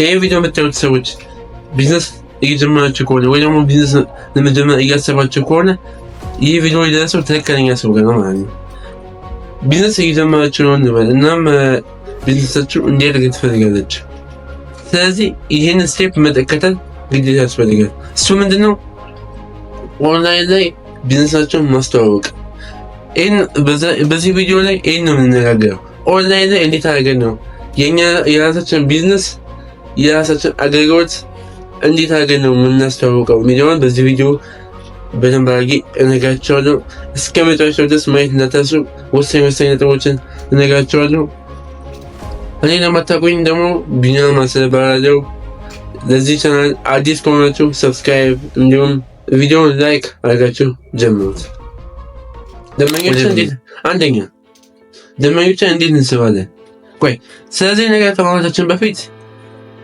ይህ ቪዲዮ የምታዩት ሰዎች ቢዝነስ እየጀመራችሁ ከሆነ ወይ ደግሞ ቢዝነስ ለመጀመር እያሰባችሁ ከሆነ ይህ ቪዲዮ የደረሰው ትክክለኛ ሰው ጋር ነው ማለት ነው። ቢዝነስ እየጀመራችሁ ነው እንበል። እናም ቢዝነሳችሁ እንዲያድግ ትፈልጋለች። ስለዚህ ይህን ስቴፕ መጠቀተል ግዴታ ያስፈልጋል። እሱ ምንድን ነው? ኦንላይን ላይ ቢዝነሳቸውን ማስተዋወቅ። በዚህ ቪዲዮ ላይ ይህን ነው የምንነጋገረው። ኦንላይን ላይ እንዴት አድርገን ነው የእኛ የራሳችን ቢዝነስ የራሳችን አገልግሎት እንዴት አድርገን ነው የምናስተዋውቀው የሚለውን በዚህ ቪዲዮ በደንብ አድርጌ እነግራቸዋለሁ። እስከ መጨረሻው ድረስ ማየት እንዳታሱ ወሳኝ ወሳኝ ነጥቦችን እነግራቸዋለሁ። እኔ ለማታቆኝ ደግሞ ቢኒያም አስለ እባላለሁ። ለዚህ ቻናል አዲስ ከሆናችሁ ሰብስክራይብ፣ እንዲሁም ቪዲዮውን ላይክ አድርጋችሁ ጀምሩት። ደንበኞችን እንዴት አንደኛ ደንበኞችን እንዴት እንስባለን? ቆይ ስለዚህ ነገር ከማለታችን በፊት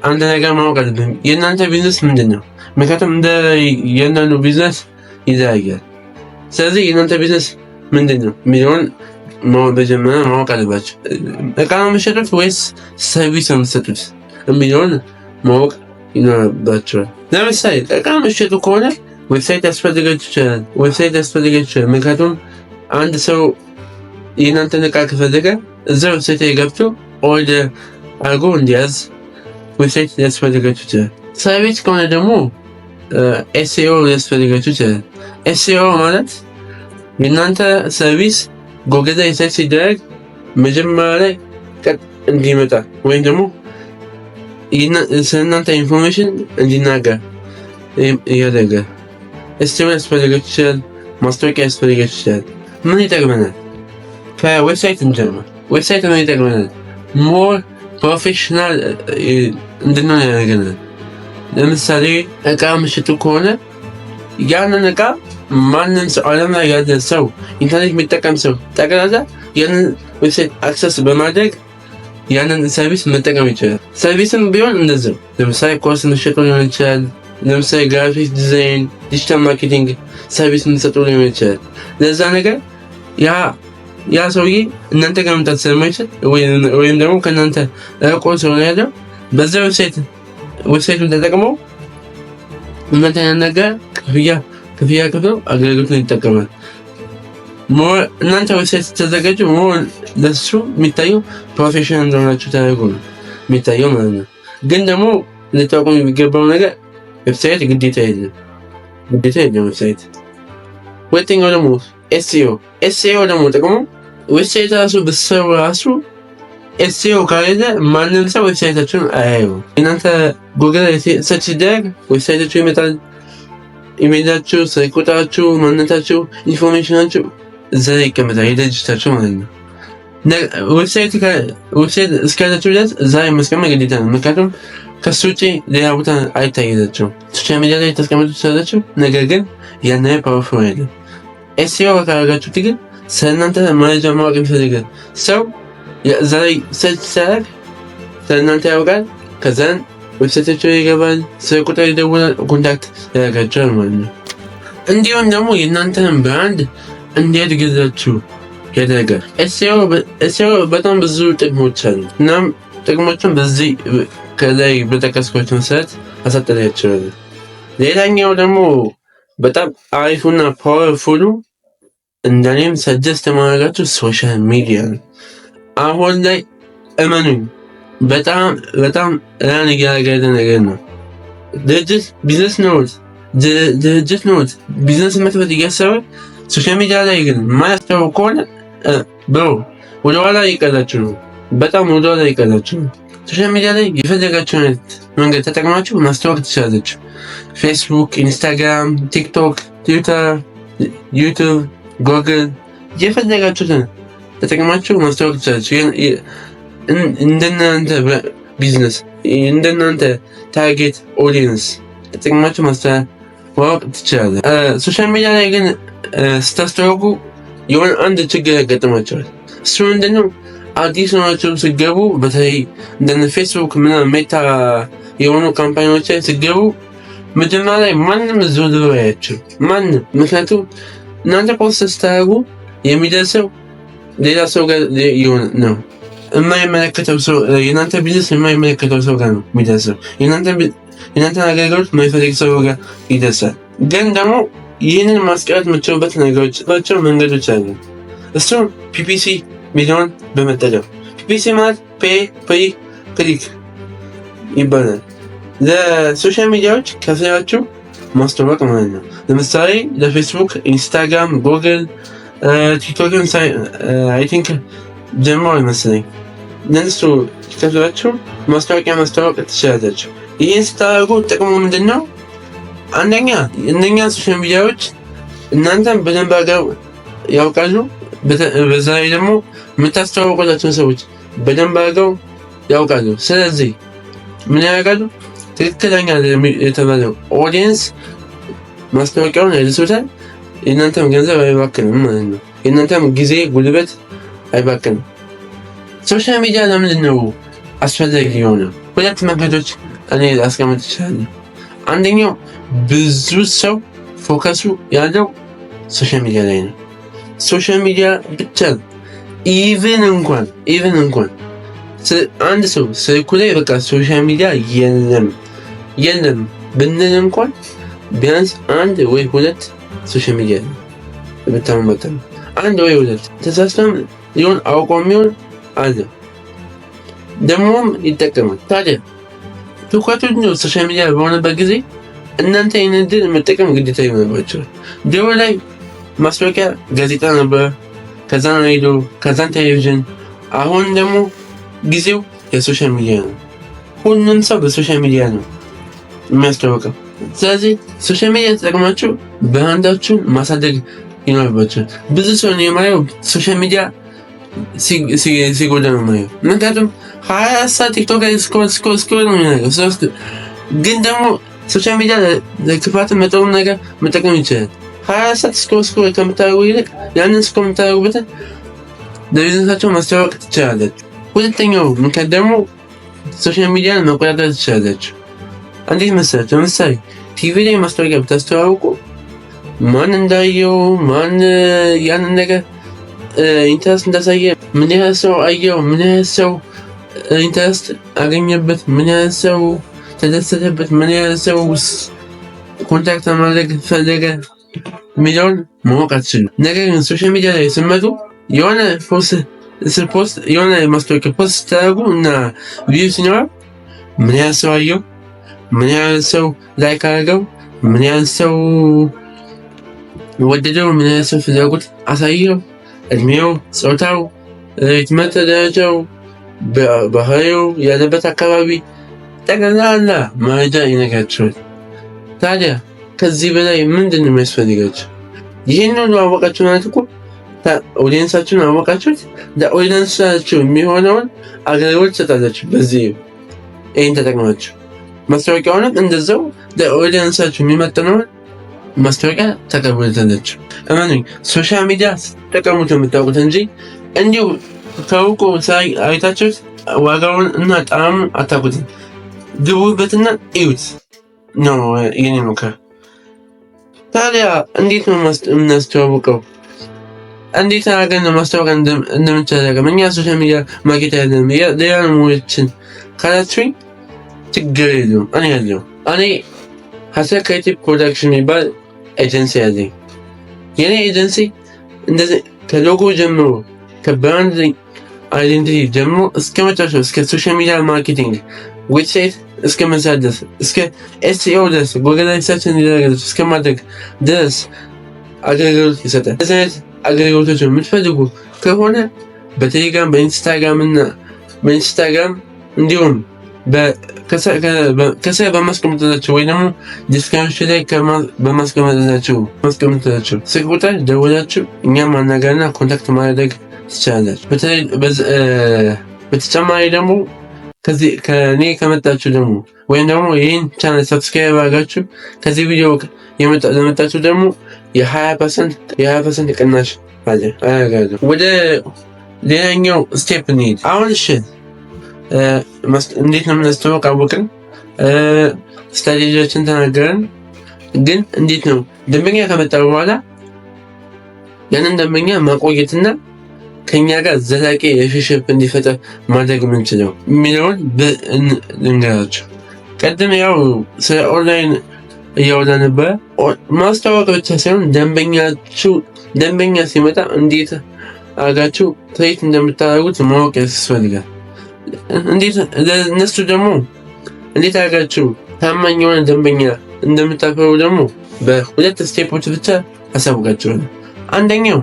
አንድ ነገር ማወቅ አለብን። የእናንተ ቢዝነስ ምንድን ነው? ምክንያቱም እንደ የእናንዱ ቢዝነስ ይለያያል። ስለዚህ የእናንተ ቢዝነስ ምንድን ነው የሚለውን መጀመሪያ ማወቅ አለባቸው። እቃ ነው የምትሸጡት ወይስ ሰርቪስ ነው የምትሰጡት የሚለውን ማወቅ ይኖርባቸዋል። ለምሳሌ እቃ የምትሸጡ ከሆነ ዌብሳይት ያስፈልጋችሁ ይችላል። ዌብሳይት ያስፈልጋችሁ ይችላል። ምክንያቱም አንድ ሰው የእናንተን እቃ ከፈለገ እዛ ዌብሳይት ላይ ገብቶ ኦርደር አድርጎ እንዲያዝ ዌብሳይት ሊያስፈልጋችሁ ይችላል። ስራ ቤት ከሆነ ደግሞ ኤስኤኦ ሊያስፈልጋችሁ ይችላል። ኤስኤኦ ማለት የእናንተ ሰርቪስ ጎግል ላይ ሰርች ሲደረግ መጀመሪያ ላይ ቀጥ እንዲመጣ ወይም ደግሞ ስለእናንተ ኢንፎርሜሽን እንዲናገር ያደርጋል። ኤስኤኦ ሊያስፈልጋችሁ ይችላል። ማስታወቂያ ሊያስፈልጋችሁ ይችላል። ምን ይጠቅመናል? ከዌብሳይት እንጀምር። ዌብሳይት ምን ይጠቅመናል? ሞር ፕሮፌሽናል እንድንሆን ያደርገናል። ለምሳሌ እቃ ምሽጡ ከሆነ ያንን እቃ ማንም ሰው ዓለም ላይ ያለ ሰው ኢንተርኔት የሚጠቀም ሰው ጠቅላላ ያንን ዌብሳይት አክሰስ በማድረግ ያንን ሰርቪስ መጠቀም ይችላል። ሰርቪስም ቢሆን እንደዚው ለምሳሌ ኮርስ መሸጡ ሊሆን ይችላል። ለምሳሌ ግራፊክ ዲዛይን፣ ዲጂታል ማርኬቲንግ ሰርቪስ የምንሰጡ ሊሆን ይችላል። ለዛ ነገር ያ ያ ሰውዬ እናንተ ጋር መምጣት ስለማይችል ወይም ደግሞ ከእናንተ ርቆ ስለሆነ ያለው በዛ ዌብሳይት ዌብሳይቱን ተጠቅመው እናንተ ነገር ክፍያ ክፍያ ክፍለው አገልግሎቱን ይጠቀማል። እናንተ ዌብሳይት ተዘጋጁ ሞር ለሱ የሚታየው ፕሮፌሽናል እንደሆናችሁ ተደርጎ ነው የሚታየው ማለት ነው። ግን ደግሞ ልታውቁ የሚገባው ነገር ዌብሳይት ግዴታ የለም ግዴታ የለም ዌብሳይት። ሁለተኛው ደግሞ ኤስኤኦ ኤስኤኦ ደግሞ ጥቅሙ ዌብሳይት ራሱ ብትሰሩ ራሱ ኤስኤኦ ከሌለ ማንም ሰው ዌብሳይታችሁን አያዩ። እናንተ ጉግል ሰርች ሲደረግ ዌብሳይታችሁ ይመጣል። ኢሜይላችሁ፣ ስልክ ቁጥራችሁ፣ ማንነታችሁ፣ ኢንፎርሜሽናችሁ እዛ ይቀመጣል። የድርጅታችሁ ማለት ነው። ዌብሳይት እስከያዛችሁ ድረስ እዛ ላይ ማስቀመጥ ግዴታ ነው። ምክንያቱም ከሱ ውጭ ሌላ ቦታ አይታይላችሁም። ሶሻል ሚዲያ ላይ ተስቀመጡ ትችላላችሁ፣ ነገር ግን ያናዊ ፓወርፉል አይደለም። ኤስኤኦ ካረጋችሁት ግን ስለእናንተ መረጃ ማወቅ ይፈልጋል። ሰው ዛሬ ሰርች ሲያደርግ ስለእናንተ ያውቃል። ከዛን ዌብሳይታቸው ይገባል፣ ስለ ቁጥር ይደውላል፣ ኮንታክት ያደርጋቸዋል ማለት ነው። እንዲሁም ደግሞ የእናንተን ብራንድ እንዲያድግላችሁ ያደርጋል። ኤስኤኦ በጣም ብዙ ጥቅሞች አሉ። እናም ጥቅሞችን በዚህ ከላይ በጠቀስኳቸው መሰረት አሳጠላያቸዋል። ሌላኛው ደግሞ በጣም አሪፉና ፓወርፉሉ እንደኔም ሰጀስት የማድረጋችሁ ሶሻል ሚዲያ ነው። አሁን ላይ እመኑኝ በጣም በጣም ራን እያረጋደ ነገር ነው። ድርጅት ቢዝነስ ኖሮት ድርጅት ኖሮት ቢዝነስ መክፈት እያሰበ ሶሻል ሚዲያ ላይ ግን ማያስተው ከሆነ ብሮ ወደኋላ ይቀራችሁ ነው። በጣም ወደኋላ ይቀራችሁ ነው። ሶሻል ሚዲያ ላይ የፈለጋችሁን አይነት መንገድ ተጠቅማችሁ ማስተዋወቅ ትችላለች። ፌስቡክ፣ ኢንስታግራም፣ ቲክቶክ፣ ትዊተር፣ ዩቱብ ጎግል የፈለጋችሁትን ተጠቅማችሁ ማስታወቅ ትችላላችሁ። እንደናንተ ቢዝነስ፣ እንደናንተ ታርጌት ኦዲየንስ ተጠቅማችሁ ማስታወቅ ትችላለ። ሶሻል ሚዲያ ላይ ግን ስታስተዋውቁ የሆነ አንድ ችግር ያጋጥማቸዋል። እሱ ምንድነው? አዲስ ናቸው ስገቡ፣ በተለይ እንደ ፌስቡክ ምና ሜታ የሆኑ ካምፓኒዎች ላይ ስገቡ፣ መጀመሪያ ላይ ማንም ዞር ብሎ ማንም ምክንያቱም እናንተ ፖስት ስታደርጉ የሚደርሰው ሌላ ሰው ጋር የሆነ ነው የማይመለከተው ሰው የእናንተ ቢዝነስ የማይመለከተው ሰው ጋር ነው የሚደርሰው። የእናንተን አገልግሎት የማይፈልግ ሰው ጋር ይደርሳል። ግን ደግሞ ይህንን ማስቀረት የምትችሉበት ነገሮች ባቸው መንገዶች አሉ። እሱም ፒፒሲ ሚሊዮን በመጠቀም ፒፒሲ ማለት ፔ ፕሪ ክሊክ ይባላል። ለሶሻል ሚዲያዎች ከፍላችሁ ማስተዋወቅ ማለት ነው። ለምሳሌ ለፌስቡክ፣ ኢንስታግራም፣ ጉግል፣ ቲክቶክን አይ ጀምሮ ይመስለኝ ለእነሱ ከፍላችሁ ማስታወቂያ ማስተዋወቅ ትችላላችሁ። ይህን ስታደርጉ ጥቅሙ ምንድነው? አንደኛ እነኛ ሶሻል ሚዲያዎች እናንተን በደንብ አገር ያውቃሉ። በዛ ላይ ደግሞ የምታስተዋወቁላቸውን ሰዎች በደንብ አድርገው ያውቃሉ። ስለዚህ ምን ያውቃሉ? ትክክለኛ የተባለው ኦዲየንስ ማስታወቂያውን ያደርሱታል። የእናንተም ገንዘብ አይባክንም ማለት ነው። የእናንተም ጊዜ ጉልበት አይባክንም። ሶሻል ሚዲያ ለምንድን ነው አስፈላጊ የሆነ? ሁለት መንገዶች እኔ ላስቀምጥ እችላለሁ። አንደኛው ብዙ ሰው ፎከሱ ያለው ሶሻል ሚዲያ ላይ ነው። ሶሻል ሚዲያ ብቻ ነው። ኢቨን እንኳን ኢቨን እንኳን አንድ ሰው ስልኩ ላይ በቃ ሶሻል ሚዲያ የለም የለም ብንል እንኳን ቢያንስ አንድ ወይ ሁለት ሶሻል ሚዲያ ነው አንድ ወይ ሁለት ተሳስተም ሊሆን አውቆ የሚሆን አለ ደግሞም ይጠቀማል። ታዲያ ትኩረቱ ሶሻል ሚዲያ በሆነበት ጊዜ እናንተ ይህን እድል መጠቀም ግዴታ ይሆንባቸዋል። ድሮ ላይ ማስታወቂያ ጋዜጣ ነበር፣ ከዛን ሬዲዮ፣ ከዛን ቴሌቪዥን። አሁን ደግሞ ጊዜው የሶሻል ሚዲያ ነው። ሁሉም ሰው በሶሻል ሚዲያ ነው የሚያስተዋውቀው። ስለዚህ ሶሻል ሚዲያ ተጠቅማችሁ ብራንዳችሁን ማሳደግ ይኖርባችኋል። ብዙ ሰው የማየው ሶሻል ሚዲያ ሲጎዳ ነው ማየው፣ ምክንያቱም ሀያ ሰዓት ቲክቶክ ላይ ስክሮል ስክሮል ስክሮል ነው የሚያደርገው። ግን ደግሞ ሶሻል ሚዲያ ለክፋትን መጠኑን ነገር መጠቀም ይችላል። ሀያ አራት ሰዓት ስክሮል ስክሮል ከምታደርጉ ይልቅ ያንን ስክሮል የምታደርጉበትን ለቢዝነሳቸው ማስተዋወቅ ትችላለች። ሁለተኛው ምክንያት ደግሞ ሶሻል ሚዲያን መቆጣጠር ትችላለች። እንዴት መሰለህ? ለምሳሌ ቲቪ ላይ ማስታወቂያ ብታስተዋውቁ ማን እንዳየው ማን ያንን ነገር ኢንተረስት እንዳሳየ ምን ያህል ሰው አየው፣ ምን ያህል ሰው ኢንተረስት አገኘበት፣ ምን ያህል ሰው ተደሰተበት፣ ምን ያህል ሰው ኮንታክት ማድረግ ፈለገ የሚለውን ማወቅ አትችልም። ነገር ግን ሶሻል ሚዲያ ላይ ስመጡ የሆነ ፖስት የሆነ ማስታወቂያ ፖስት ስታደርጉ እና ቪዲዮ ሲኖር ምን ያህል ሰው አየው ምን ያህል ሰው ላይክ አደረገው፣ ምን ያህል ሰው ወደደው፣ ምን ያህል ሰው ፍላጎት አሳየው፣ እድሜው፣ ጾታው፣ የትምህርት ደረጃው፣ ባህሪው፣ ያለበት አካባቢ ጠቅላላ መረጃ ይነግራቸዋል። ታዲያ ከዚህ በላይ ምንድን ነው የሚያስፈልጋቸው? ይህን ሁሉ አወቃችሁ ማለት እኮ ኦዲየንሳችሁን አወቃችሁት፣ ለኦዲየንሳችሁ የሚሆነውን አገልግሎት ትሰጣላችሁ። በዚህ ይህን ተጠቅማችሁ ማስታወቂያ ሆነት እንደዛው ለኦዲየንሳችሁ የሚመጥነውን ማስታወቂያ ተቀብለታለች። እመኑኝ፣ ሶሻል ሚዲያ ስትጠቀሙት የምታውቁት እንጂ እንዲሁ ከውቁ ሳይ አይታችሁት ዋጋውን እና ጣዕሙ አታውቁትም። ግቡበትና እዩት ነው የኔ ምክር። ታዲያ እንዴት ነው የምናስተዋውቀው? እንዴት አድርገን ነው ማስተዋወቅ እንደምንችል? እኛ ሶሻል ሚዲያ ማርኬት ያለን ሌላ ሞችን ካላችሁኝ ችግር የለውም። እኔ ያለው እኔ ሀሰን ክሬቲቭ ፕሮዳክሽን የሚባል ኤጀንሲ ያለኝ የኔ ኤጀንሲ እንደዚህ ከሎጎ ጀምሮ ከብራንድ አይዴንቲቲ ጀምሮ እስከ መጨረሻው እስከ ሶሻል ሚዲያ ማርኬቲንግ ዌብሳይት እስከ መስራት ድረስ እስከ ኤስኢኦ ድረስ ጎገላ ሪሰርች እንዲደረግ እስከ ማድረግ ድረስ አገልግሎት ይሰጣል። እንደዚህ አይነት አገልግሎቶች የምትፈልጉ ከሆነ በቴሌግራም በኢንስታግራም እና በኢንስታግራም እንዲሁም ከስር በማስቀመጥናቸው ወይ ደግሞ ዲስክሪፕሽን ላይ በማስቀመጥናቸው ማስቀመጥናቸው ስልክ ቁጥር ደውላችሁ እኛም ማናገርና ኮንታክት ማድረግ ትችላላችሁ። በተጨማሪ ደግሞ ከዚህ ከኔ ከመጣችሁ ደግሞ ወይም ደግሞ ይህን ቻናል ሰብስክራይብ አድርጋችሁ ከዚህ ቪዲዮ ለመጣችሁ ደግሞ የሀያ ፐርሰንት ቅናሽ አለ አያጋለሁ። ወደ ሌላኛው ስቴፕ እንሄድ አሁን እሺ እንዴት ነው የምናስተዋወቅ አወቅን፣ ስትራቴጂዎችን ተናገረን ግን እንዴት ነው ደንበኛ ከመጣ በኋላ ያንን ደንበኛ ማቆየትና ከኛ ጋር ዘላቂ ሪሌሽንሽፕ እንዲፈጠር ማድረግ የምንችለው የሚለውን ልንገራቸው። ቀደም ያው ስለ ኦንላይን እያወራ ነበረ። ማስተዋወቅ ብቻ ሳይሆን ደንበኛ ሲመጣ እንዴት አጋችሁ ትሬት እንደምታደርጉት ማወቅ ያስፈልጋል። እንዴት እነሱ ደግሞ እንዴት አድርጋችሁ ታማኝ የሆነ ደንበኛ እንደምታፈሩ ደግሞ በሁለት ስቴፖች ብቻ አሳውቃችኋለሁ። አንደኛው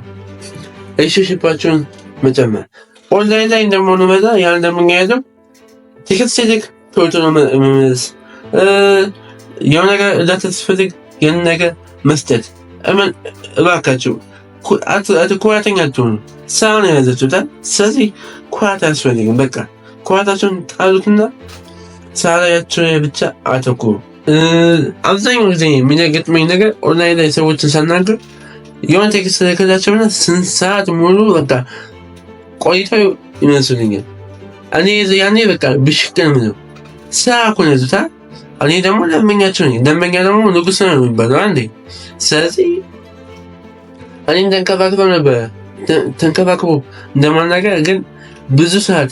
ሪሌሽንሺፓችሁን መጨመር። ኦንላይን ላይ እንደመሆኑ በዛ ያን ደንበኛ ያለው ቲኬት ሲልክ ቶሎ ነው መመለስ፣ የሆነ ነገር እርዳታ ሲፈልግ ያን ነገር መስጠት። እባካችሁ ኩራተኛ አትሁኑ። ስራ ነው የያዛችሁታል። ስለዚህ ኩራት አያስፈልግም። በቃ ኩራታቸውን ጣሉትና ስራላቸው ብቻ አተኩሩ። አብዛኛው ጊዜ የሚገጥመኝ ነገር ኦንላይን ላይ ሰዎችን ሳናገር የሆነ ቴክስት ልክላቸውና ስንት ሰዓት ሙሉ በቃ ቆይተው ይመስልኛል። እኔ ያኔ በቃ ብሽቅን ምለው ስራ እኮ ነው እኔ ደግሞ ደንበኛቸው ነኝ። ደንበኛ ደግሞ ንጉስ ነው የሚባለው አንዴ። ስለዚህ እኔም ተንከባክበው ነበረ ተንከባክቦ እንደማናገር ግን ብዙ ሰዓት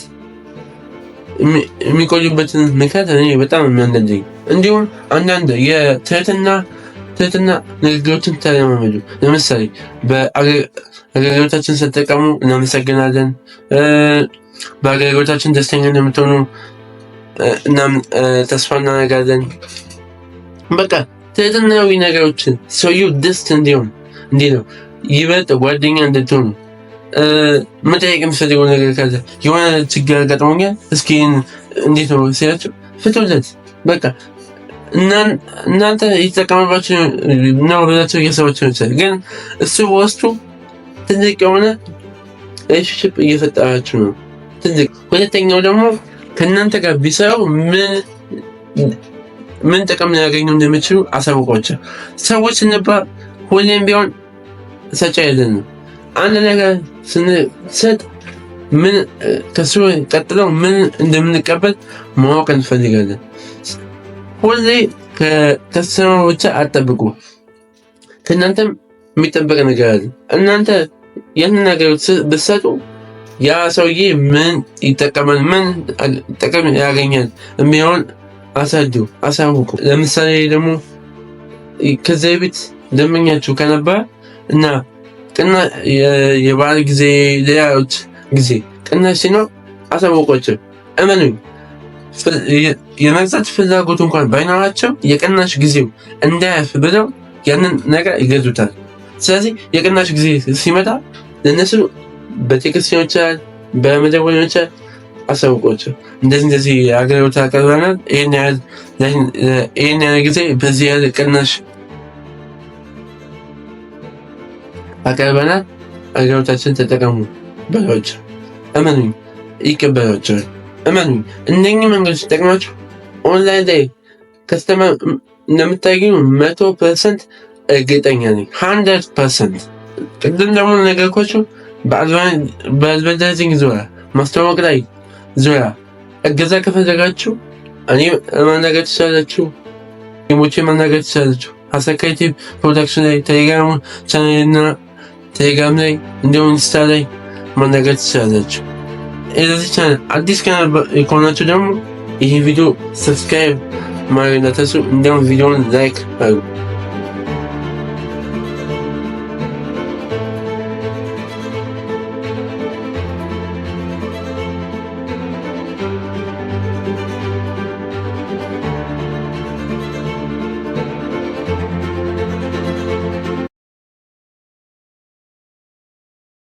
የሚቆዩበትን ምክንያት እኔ በጣም የሚያንደንደኝ። እንዲሁም አንዳንድ የትህትና ትህትና ንግግሮችን ተለማመዱ። ለምሳሌ በአገልግሎታችን ስትጠቀሙ እናመሰግናለን፣ በአገልግሎታችን ደስተኛ እንደምትሆኑ ተስፋ እናደርጋለን። በቃ ትህትናዊ ነገሮችን ሰውየው ደስት እንዲሆን እንዲህ ነው ይበልጥ ጓደኛ እንድትሆኑ መጠየቅ የምፈልገው ነገር ካለ የሆነ ችግር አጋጥሞኛል፣ እስኪ እንዴት ነው ሲላቸው ፍቱለት በቃ እናንተ የተጠቀመባቸው ነው ብላቸው እያሰባቸው ይችላል። ግን እሱ በውስጡ ትልቅ የሆነ ሪሌሽንሽፕ እየፈጠራችሁ ነው። ትልቅ ሁለተኛው ደግሞ ከእናንተ ጋር ቢሰራው ምን ምን ጥቅም ሊያገኙ እንደሚችሉ አሳውቋቸው። ሰዎች ስንባል ሁሌም ቢሆን ሰጪ አይደለም አንድ ነገር ስንሰጥ ምን ከሱ ቀጥለው ምን እንደምንቀበል ማወቅ እንፈልጋለን። ሁሌ ከተሰማ ብቻ አጠብቁ። ከእናንተም የሚጠበቅ ነገር አለ። እናንተ ያንን ነገር ብትሰጡ ያ ሰውዬ ምን ይጠቀማል፣ ምን ጥቅም ያገኛል የሚሆን አሳዱ፣ አሳውቁ። ለምሳሌ ደግሞ ከዚህ ቤት ደንበኛችሁ ከነበረ እና የበዓል ጊዜ፣ ሌላዎች ጊዜ ቅናሽ ሲኖር አሳውቋቸው። እመኑኝ የመግዛት ፍላጎት እንኳን ባይኖራቸው የቅናሽ ጊዜው እንዳያልፍ ብለው ያንን ነገር ይገዙታል። ስለዚህ የቅናሽ ጊዜ ሲመጣ ለእነሱ በቴክስት ሊሆን ይችላል፣ በመደወል እንደዚህ እንደዚህ አገልግሎት አቀርበናል፣ ይህን ያህል ጊዜ በዚህ ያህል ቅናሽ አቅርበናል። አገልግሎታችን ተጠቀሙ በሎች እመኑኝ፣ ይቀበሏቸዋል። እመኑኝ፣ እነኚህ መንገዶች ተጠቅማችሁ ኦንላይን ላይ ከስተመር እንደምታገኙ መቶ ፐርሰንት እርግጠኛ ነኝ። ሀንድረድ ፐርሰንት። ቅድም ደግሞ ነገርኳችሁ በአድቨርታይዚንግ ዙሪያ ማስተዋወቅ ላይ ዙሪያ እገዛ ከፈለጋችሁ እኔ ማናገር ትችላላችሁ። ሞቼ ማናገር ትችላላችሁ። ሀሳብ ፕሮዳክሽን ላይ ቴሌግራም ቻናልና ቴሌግራም ላይ እንዲሁም ኢንስታ ላይ ማናገር ትችላላችሁ። ለዚህ ቻናል አዲስ ካናል ከሆናችሁ ደግሞ ይህ ቪዲዮ ሰብስክራይብ ማድረግ እንዳትረሱ፣ እንዲሁም ቪዲዮውን ላይክ አድርጉ።